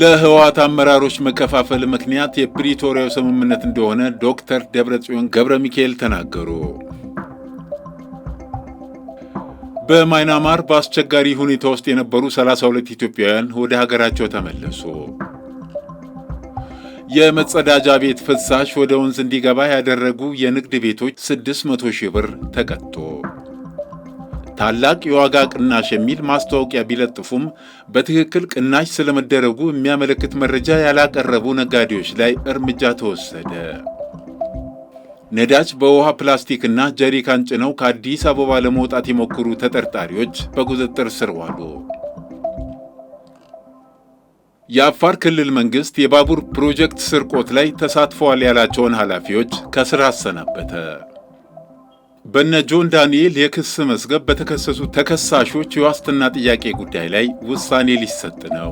ለህወሓት አመራሮች መከፋፈል ምክንያት የፕሪቶሪያው ስምምነት እንደሆነ ዶክተር ደብረጽዮን ገብረ ሚካኤል ተናገሩ። በማይናማር በአስቸጋሪ ሁኔታ ውስጥ የነበሩ 32 ኢትዮጵያውያን ወደ ሀገራቸው ተመለሱ። የመጸዳጃ ቤት ፍሳሽ ወደ ወንዝ እንዲገባ ያደረጉ የንግድ ቤቶች 600 ሺህ ብር ተቀጡ። ታላቅ የዋጋ ቅናሽ የሚል ማስታወቂያ ቢለጥፉም በትክክል ቅናሽ ስለመደረጉ የሚያመለክት መረጃ ያላቀረቡ ነጋዴዎች ላይ እርምጃ ተወሰደ። ነዳጅ በውሃ ፕላስቲክና ጀሪካን ጭነው ከአዲስ አበባ ለመውጣት የሞከሩ ተጠርጣሪዎች በቁጥጥር ስር ዋሉ። የአፋር ክልል መንግሥት የባቡር ፕሮጀክት ስርቆት ላይ ተሳትፈዋል ያላቸውን ኃላፊዎች ከስራ አሰናበተ። በነ ጆን ዳንኤል የክስ መዝገብ በተከሰሱ ተከሳሾች የዋስትና ጥያቄ ጉዳይ ላይ ውሳኔ ሊሰጥ ነው።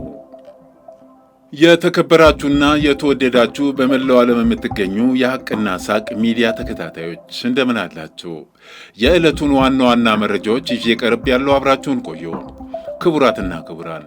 የተከበራችሁና የተወደዳችሁ በመላው ዓለም የምትገኙ የሐቅና ሳቅ ሚዲያ ተከታታዮች እንደምን አላችሁ? የዕለቱን ዋና ዋና መረጃዎች ይዤ ቀርብ ያለው አብራችሁን ቆዩ። ክቡራትና ክቡራን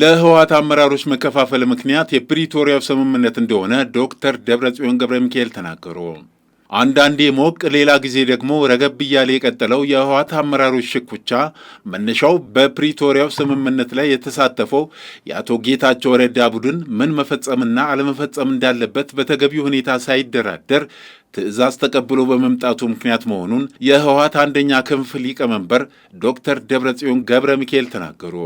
ለህወሀት አመራሮች መከፋፈል ምክንያት የፕሪቶሪያው ስምምነት እንደሆነ ዶክተር ደብረጽዮን ገብረ ሚካኤል ተናገሩ። አንዳንዴ ሞቅ ሌላ ጊዜ ደግሞ ረገብ እያለ የቀጠለው የህወሀት አመራሮች ሽኩቻ መነሻው በፕሪቶሪያው ስምምነት ላይ የተሳተፈው የአቶ ጌታቸው ረዳ ቡድን ምን መፈጸምና አለመፈጸም እንዳለበት በተገቢ ሁኔታ ሳይደራደር ትዕዛዝ ተቀብሎ በመምጣቱ ምክንያት መሆኑን የህወሀት አንደኛ ክንፍ ሊቀመንበር ዶክተር ደብረጽዮን ገብረ ሚካኤል ተናገሩ።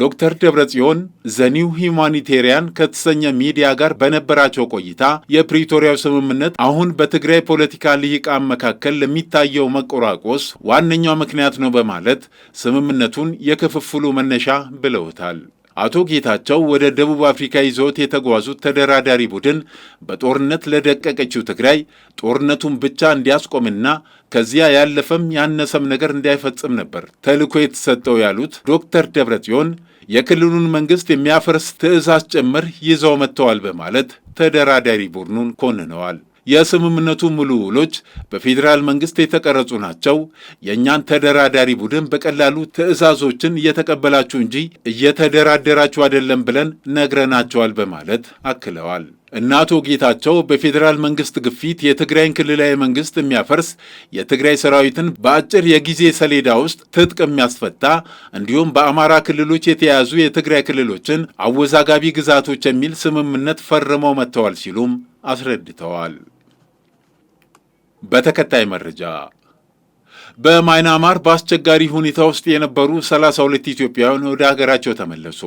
ዶክተር ደብረጽዮን ዘኒው ሂማኒቴሪያን ከተሰኘ ሚዲያ ጋር በነበራቸው ቆይታ የፕሪቶሪያው ስምምነት አሁን በትግራይ ፖለቲካ ልሂቃን መካከል ለሚታየው መቆራቆስ ዋነኛው ምክንያት ነው በማለት ስምምነቱን የክፍፍሉ መነሻ ብለውታል። አቶ ጌታቸው ወደ ደቡብ አፍሪካ ይዞት የተጓዙት ተደራዳሪ ቡድን በጦርነት ለደቀቀችው ትግራይ ጦርነቱን ብቻ እንዲያስቆምና ከዚያ ያለፈም ያነሰም ነገር እንዳይፈጽም ነበር ተልኮ የተሰጠው ያሉት ዶክተር ደብረጽዮን የክልሉን መንግስት የሚያፈርስ ትዕዛዝ ጭምር ይዘው መጥተዋል በማለት ተደራዳሪ ቡድኑን ኮንነዋል። የስምምነቱ ሙሉ ውሎች በፌዴራል መንግስት የተቀረጹ ናቸው። የእኛን ተደራዳሪ ቡድን በቀላሉ ትዕዛዞችን እየተቀበላችሁ እንጂ እየተደራደራችሁ አይደለም ብለን ነግረናቸዋል በማለት አክለዋል። እነ አቶ ጌታቸው በፌዴራል መንግስት ግፊት የትግራይን ክልላዊ መንግስት የሚያፈርስ የትግራይ ሰራዊትን በአጭር የጊዜ ሰሌዳ ውስጥ ትጥቅ የሚያስፈታ እንዲሁም በአማራ ክልሎች የተያያዙ የትግራይ ክልሎችን አወዛጋቢ ግዛቶች የሚል ስምምነት ፈርመው መጥተዋል ሲሉም አስረድተዋል። በተከታይ መረጃ በማይናማር በአስቸጋሪ ሁኔታ ውስጥ የነበሩ 32 ኢትዮጵያውያን ወደ ሀገራቸው ተመለሱ።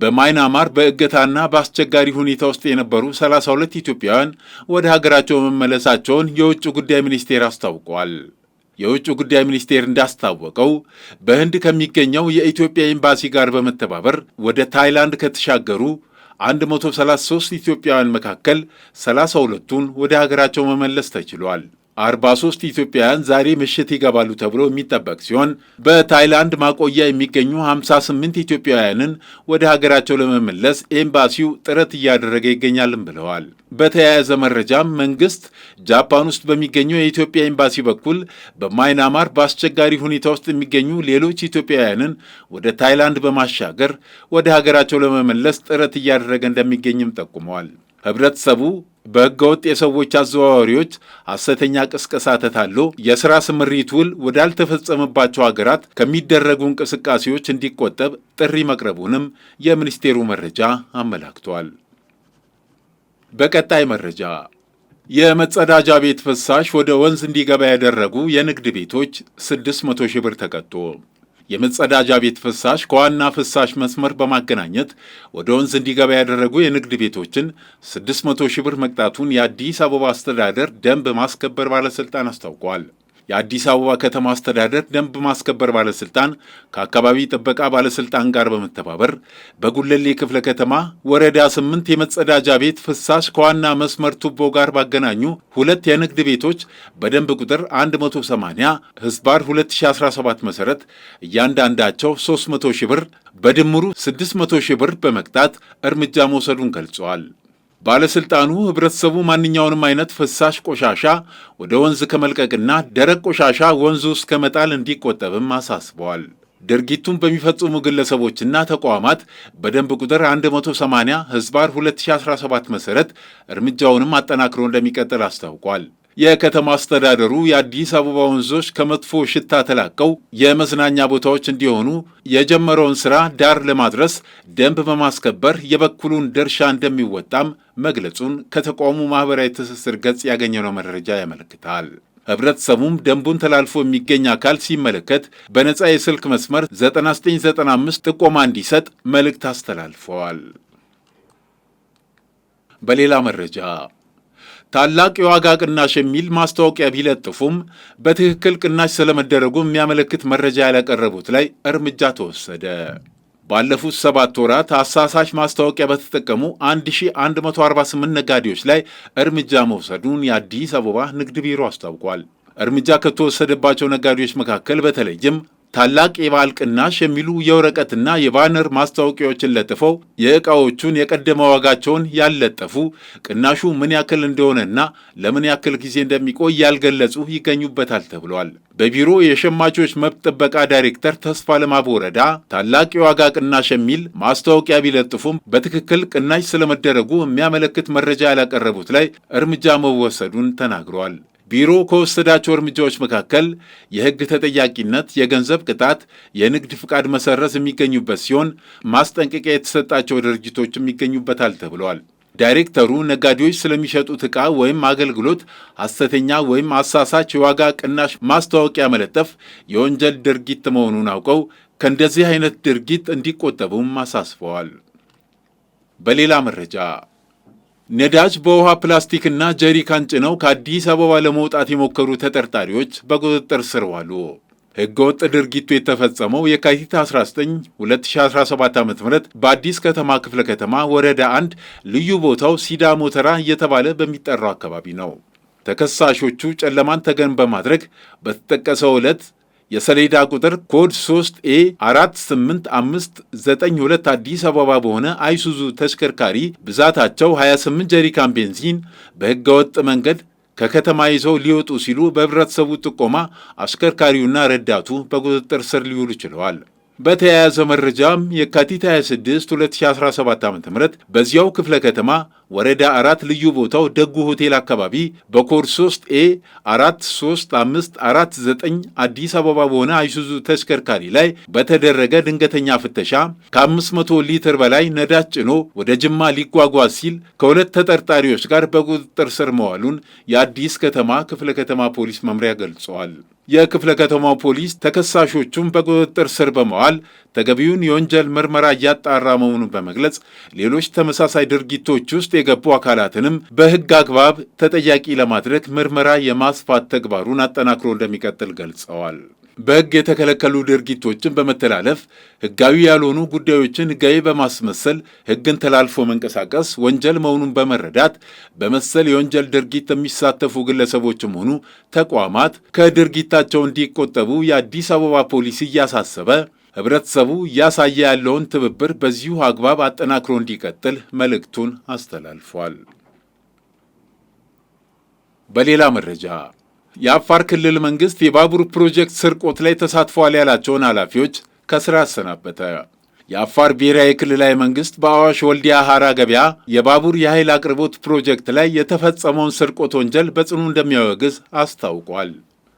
በማይናማር በእገታና በአስቸጋሪ ሁኔታ ውስጥ የነበሩ 32 ኢትዮጵያውያን ወደ ሀገራቸው መመለሳቸውን የውጭ ጉዳይ ሚኒስቴር አስታውቋል። የውጭ ጉዳይ ሚኒስቴር እንዳስታወቀው በህንድ ከሚገኘው የኢትዮጵያ ኤምባሲ ጋር በመተባበር ወደ ታይላንድ ከተሻገሩ 133 ኢትዮጵያውያን መካከል 32ቱን ወደ ሀገራቸው መመለስ ተችሏል። 43 ኢትዮጵያውያን ዛሬ ምሽት ይገባሉ ተብሎ የሚጠበቅ ሲሆን በታይላንድ ማቆያ የሚገኙ 58 ኢትዮጵያውያንን ወደ ሀገራቸው ለመመለስ ኤምባሲው ጥረት እያደረገ ይገኛልም ብለዋል። በተያያዘ መረጃም መንግስት ጃፓን ውስጥ በሚገኘው የኢትዮጵያ ኤምባሲ በኩል በማይናማር በአስቸጋሪ ሁኔታ ውስጥ የሚገኙ ሌሎች ኢትዮጵያውያንን ወደ ታይላንድ በማሻገር ወደ ሀገራቸው ለመመለስ ጥረት እያደረገ እንደሚገኝም ጠቁመዋል። ህብረተሰቡ በህገወጥ የሰዎች አዘዋዋሪዎች ሐሰተኛ ቅስቀሳ ተታሎ የሥራ ስምሪት ውል ወዳልተፈጸመባቸው ሀገራት ከሚደረጉ እንቅስቃሴዎች እንዲቆጠብ ጥሪ መቅረቡንም የሚኒስቴሩ መረጃ አመላክቷል። በቀጣይ መረጃ የመጸዳጃ ቤት ፍሳሽ ወደ ወንዝ እንዲገባ ያደረጉ የንግድ ቤቶች 600 ሺህ ብር ተቀጡ። የመጸዳጃ ቤት ፍሳሽ ከዋና ፍሳሽ መስመር በማገናኘት ወደ ወንዝ እንዲገባ ያደረጉ የንግድ ቤቶችን 600 ሺህ ብር መቅጣቱን የአዲስ አበባ አስተዳደር ደንብ ማስከበር ባለሥልጣን አስታውቋል። የአዲስ አበባ ከተማ አስተዳደር ደንብ ማስከበር ባለስልጣን ከአካባቢ ጥበቃ ባለስልጣን ጋር በመተባበር በጉለሌ ክፍለ ከተማ ወረዳ ስምንት የመጸዳጃ ቤት ፍሳሽ ከዋና መስመር ቱቦ ጋር ባገናኙ ሁለት የንግድ ቤቶች በደንብ ቁጥር 180 ህዝባር 2017 መሠረት እያንዳንዳቸው 300 ሺህ ብር በድምሩ 600 ሺህ ብር በመቅጣት እርምጃ መውሰዱን ገልጸዋል። ባለስልጣኑ ህብረተሰቡ ማንኛውንም አይነት ፍሳሽ ቆሻሻ ወደ ወንዝ ከመልቀቅና ደረቅ ቆሻሻ ወንዝ ውስጥ ከመጣል እንዲቆጠብም አሳስበዋል። ድርጊቱን በሚፈጽሙ ግለሰቦችና ተቋማት በደንብ ቁጥር 180 ህዝባር 2017 መሠረት እርምጃውንም አጠናክሮ እንደሚቀጥል አስታውቋል። የከተማ አስተዳደሩ የአዲስ አበባ ወንዞች ከመጥፎ ሽታ ተላቀው የመዝናኛ ቦታዎች እንዲሆኑ የጀመረውን ስራ ዳር ለማድረስ ደንብ በማስከበር የበኩሉን ድርሻ እንደሚወጣም መግለጹን ከተቋሙ ማኅበራዊ ትስስር ገጽ ያገኘነው መረጃ ያመለክታል። ህብረተሰቡም ደንቡን ተላልፎ የሚገኝ አካል ሲመለከት በነጻ የስልክ መስመር 9995 ጥቆማ እንዲሰጥ መልእክት አስተላልፈዋል። በሌላ መረጃ ታላቅ የዋጋ ቅናሽ የሚል ማስታወቂያ ቢለጥፉም በትክክል ቅናሽ ስለመደረጉ የሚያመለክት መረጃ ያላቀረቡት ላይ እርምጃ ተወሰደ። ባለፉት ሰባት ወራት አሳሳሽ ማስታወቂያ በተጠቀሙ 1148 ነጋዴዎች ላይ እርምጃ መውሰዱን የአዲስ አበባ ንግድ ቢሮ አስታውቋል። እርምጃ ከተወሰደባቸው ነጋዴዎች መካከል በተለይም ታላቅ የበዓል ቅናሽ የሚሉ የወረቀትና የባነር ማስታወቂያዎችን ለጥፈው የዕቃዎቹን የቀደመ ዋጋቸውን ያልለጠፉ ቅናሹ ምን ያክል እንደሆነና ለምን ያክል ጊዜ እንደሚቆይ ያልገለጹ ይገኙበታል ተብሏል። በቢሮ የሸማቾች መብት ጥበቃ ዳይሬክተር ተስፋ ለማብ ወረዳ ታላቅ የዋጋ ቅናሽ የሚል ማስታወቂያ ቢለጥፉም በትክክል ቅናሽ ስለመደረጉ የሚያመለክት መረጃ ያላቀረቡት ላይ እርምጃ መወሰዱን ተናግረዋል። ቢሮ ከወሰዳቸው እርምጃዎች መካከል የሕግ ተጠያቂነት፣ የገንዘብ ቅጣት፣ የንግድ ፍቃድ መሰረዝ የሚገኙበት ሲሆን ማስጠንቀቂያ የተሰጣቸው ድርጅቶችም የሚገኙበታል ተብለዋል። ዳይሬክተሩ ነጋዴዎች ስለሚሸጡት ዕቃ ወይም አገልግሎት ሐሰተኛ ወይም አሳሳች የዋጋ ቅናሽ ማስታወቂያ መለጠፍ የወንጀል ድርጊት መሆኑን አውቀው ከእንደዚህ አይነት ድርጊት እንዲቆጠቡም አሳስበዋል። በሌላ መረጃ ነዳጅ በውሃ ፕላስቲክና ጀሪካን ጭነው ከአዲስ አበባ ለመውጣት የሞከሩ ተጠርጣሪዎች በቁጥጥር ስር ዋሉ። ሕገወጥ ድርጊቱ የተፈጸመው የካቲት 19 2017 ዓ ም በአዲስ ከተማ ክፍለ ከተማ ወረዳ አንድ ልዩ ቦታው ሲዳሞ ተራ እየተባለ በሚጠራው አካባቢ ነው። ተከሳሾቹ ጨለማን ተገን በማድረግ በተጠቀሰው ዕለት የሰሌዳ ቁጥር ኮድ 3 ኤ 48592 አዲስ አበባ በሆነ አይሱዙ ተሽከርካሪ ብዛታቸው 28 ጀሪካን ቤንዚን በሕገወጥ መንገድ ከከተማ ይዘው ሊወጡ ሲሉ በህብረተሰቡ ጥቆማ አሽከርካሪውና ረዳቱ በቁጥጥር ስር ሊውሉ ችለዋል። በተያያዘ መረጃም የካቲት 26 2017 ዓ ም በዚያው ክፍለ ከተማ ወረዳ አራት ልዩ ቦታው ደጉ ሆቴል አካባቢ በኮድ 3 ኤ 43549 አዲስ አበባ በሆነ አይሱዙ ተሽከርካሪ ላይ በተደረገ ድንገተኛ ፍተሻ ከ500 ሊትር በላይ ነዳጅ ጭኖ ወደ ጅማ ሊጓጓዝ ሲል ከሁለት ተጠርጣሪዎች ጋር በቁጥጥር ስር መዋሉን የአዲስ ከተማ ክፍለ ከተማ ፖሊስ መምሪያ ገልጸዋል። የክፍለ ከተማው ፖሊስ ተከሳሾቹን በቁጥጥር ስር በመዋል ተገቢውን የወንጀል ምርመራ እያጣራ መሆኑን በመግለጽ ሌሎች ተመሳሳይ ድርጊቶች ውስጥ የገቡ አካላትንም በሕግ አግባብ ተጠያቂ ለማድረግ ምርመራ የማስፋት ተግባሩን አጠናክሮ እንደሚቀጥል ገልጸዋል። በሕግ የተከለከሉ ድርጊቶችን በመተላለፍ ሕጋዊ ያልሆኑ ጉዳዮችን ሕጋዊ በማስመሰል ሕግን ተላልፎ መንቀሳቀስ ወንጀል መሆኑን በመረዳት በመሰል የወንጀል ድርጊት የሚሳተፉ ግለሰቦችም ሆኑ ተቋማት ከድርጊታቸው እንዲቆጠቡ የአዲስ አበባ ፖሊስ እያሳሰበ ህብረተሰቡ እያሳየ ያለውን ትብብር በዚሁ አግባብ አጠናክሮ እንዲቀጥል መልእክቱን አስተላልፏል። በሌላ መረጃ የአፋር ክልል መንግስት የባቡር ፕሮጀክት ስርቆት ላይ ተሳትፏል ያላቸውን ኃላፊዎች ከስራ አሰናበተ። የአፋር ብሔራዊ ክልላዊ መንግስት በአዋሽ ወልዲያ ሐራ ገበያ የባቡር የኃይል አቅርቦት ፕሮጀክት ላይ የተፈጸመውን ስርቆት ወንጀል በጽኑ እንደሚያወግዝ አስታውቋል።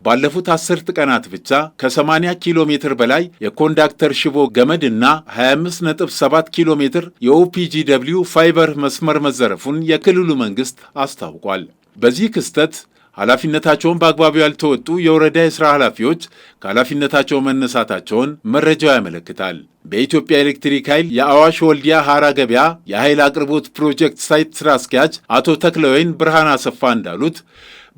ባለፉት አስርት ቀናት ብቻ ከ80 ኪሎ ሜትር በላይ የኮንዳክተር ሽቦ ገመድ እና 25.7 ኪሎ ሜትር የኦፒጂ ደብልዩ ፋይበር መስመር መዘረፉን የክልሉ መንግስት አስታውቋል። በዚህ ክስተት ኃላፊነታቸውን በአግባቡ ያልተወጡ የወረዳ የሥራ ኃላፊዎች ከኃላፊነታቸው መነሳታቸውን መረጃው ያመለክታል። በኢትዮጵያ ኤሌክትሪክ ኃይል የአዋሽ ወልዲያ ሐራ ገበያ የኃይል አቅርቦት ፕሮጀክት ሳይት ሥራ አስኪያጅ አቶ ተክለወይን ብርሃን አሰፋ እንዳሉት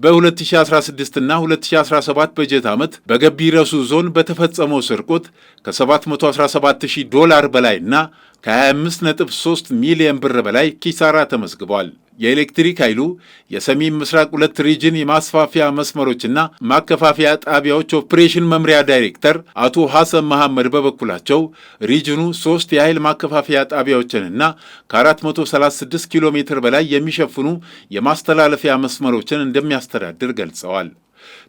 በ2016 እና 2017 በጀት ዓመት በገቢ ረሱ ዞን በተፈጸመው ስርቆት ከ717,000 ዶላር በላይና ከ25.3 ሚሊዮን ብር በላይ ኪሳራ ተመዝግቧል። የኤሌክትሪክ ኃይሉ የሰሜን ምስራቅ ሁለት ሪጅን የማስፋፊያ መስመሮችና ማከፋፊያ ጣቢያዎች ኦፕሬሽን መምሪያ ዳይሬክተር አቶ ሐሰን መሐመድ በበኩላቸው ሪጅኑ ሶስት የኃይል ማከፋፊያ ጣቢያዎችንና ከ436 ኪሎ ሜትር በላይ የሚሸፍኑ የማስተላለፊያ መስመሮችን እንደሚያስተዳድር ገልጸዋል።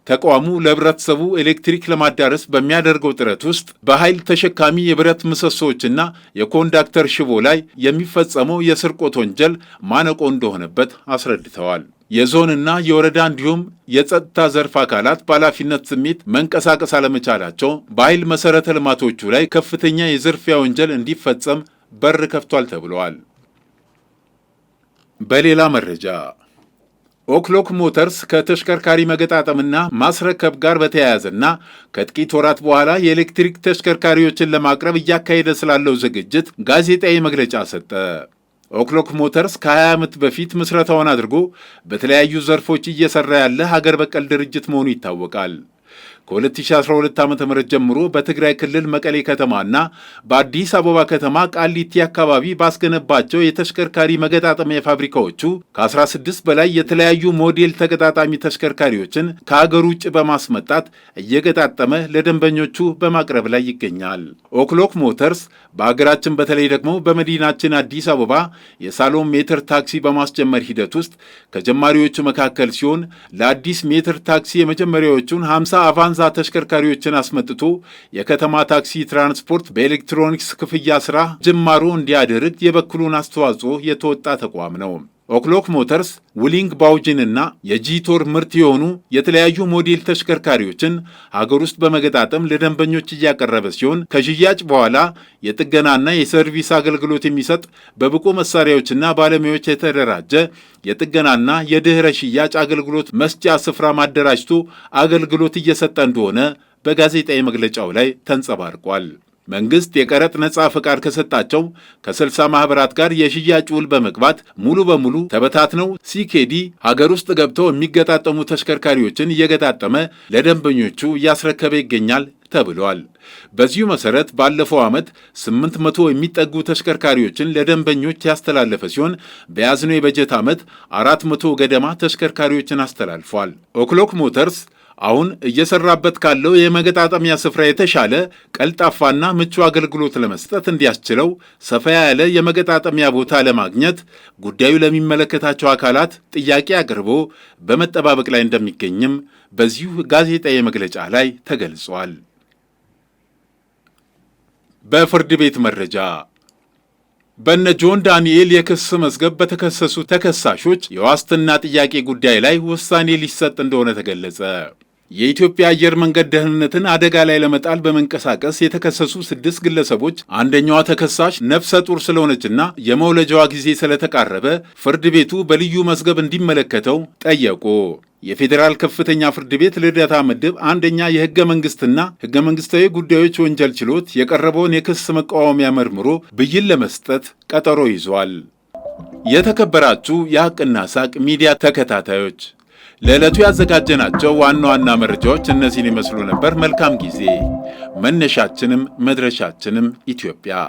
ተቋሙ ለህብረተሰቡ ኤሌክትሪክ ለማዳረስ በሚያደርገው ጥረት ውስጥ በኃይል ተሸካሚ የብረት ምሰሶዎችና የኮንዳክተር ሽቦ ላይ የሚፈጸመው የስርቆት ወንጀል ማነቆ እንደሆነበት አስረድተዋል። የዞንና የወረዳ እንዲሁም የጸጥታ ዘርፍ አካላት በኃላፊነት ስሜት መንቀሳቀስ አለመቻላቸው በኃይል መሠረተ ልማቶቹ ላይ ከፍተኛ የዝርፊያ ወንጀል እንዲፈጸም በር ከፍቷል ተብለዋል። በሌላ መረጃ ኦክሎክ ሞተርስ ከተሽከርካሪ መገጣጠምና ማስረከብ ጋር በተያያዘና ከጥቂት ወራት በኋላ የኤሌክትሪክ ተሽከርካሪዎችን ለማቅረብ እያካሄደ ስላለው ዝግጅት ጋዜጣዊ መግለጫ ሰጠ። ኦክሎክ ሞተርስ ከ20 ዓመት በፊት ምስረታውን አድርጎ በተለያዩ ዘርፎች እየሰራ ያለ ሀገር በቀል ድርጅት መሆኑ ይታወቃል። ከ2012 ዓ ም ጀምሮ በትግራይ ክልል መቀሌ ከተማና በአዲስ አበባ ከተማ ቃሊቲ አካባቢ ባስገነባቸው የተሽከርካሪ መገጣጠሚያ ፋብሪካዎቹ ከ16 በላይ የተለያዩ ሞዴል ተገጣጣሚ ተሽከርካሪዎችን ከሀገር ውጭ በማስመጣት እየገጣጠመ ለደንበኞቹ በማቅረብ ላይ ይገኛል። ኦክሎክ ሞተርስ በሀገራችን በተለይ ደግሞ በመዲናችን አዲስ አበባ የሳሎም ሜትር ታክሲ በማስጀመር ሂደት ውስጥ ከጀማሪዎቹ መካከል ሲሆን ለአዲስ ሜትር ታክሲ የመጀመሪያዎቹን 50 አቫንስ ጠመዝማዛ ተሽከርካሪዎችን አስመጥቶ የከተማ ታክሲ ትራንስፖርት በኤሌክትሮኒክስ ክፍያ ስራ ጅማሮ እንዲያደርግ የበኩሉን አስተዋጽኦ የተወጣ ተቋም ነው። ኦክሎክ ሞተርስ ውሊንግ ባውጂንና የጂቶር ምርት የሆኑ የተለያዩ ሞዴል ተሽከርካሪዎችን ሀገር ውስጥ በመገጣጠም ለደንበኞች እያቀረበ ሲሆን ከሽያጭ በኋላ የጥገናና የሰርቪስ አገልግሎት የሚሰጥ በብቁ መሳሪያዎችና ባለሙያዎች የተደራጀ የጥገናና የድኅረ ሽያጭ አገልግሎት መስጫ ስፍራ ማደራጅቶ አገልግሎት እየሰጠ እንደሆነ በጋዜጣዊ መግለጫው ላይ ተንጸባርቋል። መንግስት የቀረጥ ነጻ ፈቃድ ከሰጣቸው ከ60 ማኅበራት ጋር የሽያጭ ውል በመግባት ሙሉ በሙሉ ተበታትነው ሲኬዲ ሀገር ውስጥ ገብተው የሚገጣጠሙ ተሽከርካሪዎችን እየገጣጠመ ለደንበኞቹ እያስረከበ ይገኛል ተብሏል። በዚሁ መሰረት ባለፈው ዓመት 800 የሚጠጉ ተሽከርካሪዎችን ለደንበኞች ያስተላለፈ ሲሆን በያዝነው የበጀት ዓመት 400 ገደማ ተሽከርካሪዎችን አስተላልፏል። ኦክሎክ ሞተርስ አሁን እየሰራበት ካለው የመገጣጠሚያ ስፍራ የተሻለ ቀልጣፋና ምቹ አገልግሎት ለመስጠት እንዲያስችለው ሰፋ ያለ የመገጣጠሚያ ቦታ ለማግኘት ጉዳዩ ለሚመለከታቸው አካላት ጥያቄ አቅርቦ በመጠባበቅ ላይ እንደሚገኝም በዚሁ ጋዜጣዊ መግለጫ ላይ ተገልጿል። በፍርድ ቤት መረጃ በነ ጆን ዳንኤል የክስ መዝገብ በተከሰሱ ተከሳሾች የዋስትና ጥያቄ ጉዳይ ላይ ውሳኔ ሊሰጥ እንደሆነ ተገለጸ። የኢትዮጵያ አየር መንገድ ደህንነትን አደጋ ላይ ለመጣል በመንቀሳቀስ የተከሰሱ ስድስት ግለሰቦች አንደኛዋ ተከሳሽ ነፍሰ ጡር ስለሆነችና የመውለጃዋ ጊዜ ስለተቃረበ ፍርድ ቤቱ በልዩ መዝገብ እንዲመለከተው ጠየቁ። የፌዴራል ከፍተኛ ፍርድ ቤት ልደታ ምድብ አንደኛ የህገ መንግስትና ህገ መንግስታዊ ጉዳዮች ወንጀል ችሎት የቀረበውን የክስ መቃወሚያ መርምሮ ብይን ለመስጠት ቀጠሮ ይዟል። የተከበራችሁ የሐቅና ሳቅ ሚዲያ ተከታታዮች ለዕለቱ ያዘጋጀናቸው ዋና ዋና መረጃዎች እነዚህን ይመስሉ ነበር። መልካም ጊዜ። መነሻችንም መድረሻችንም ኢትዮጵያ።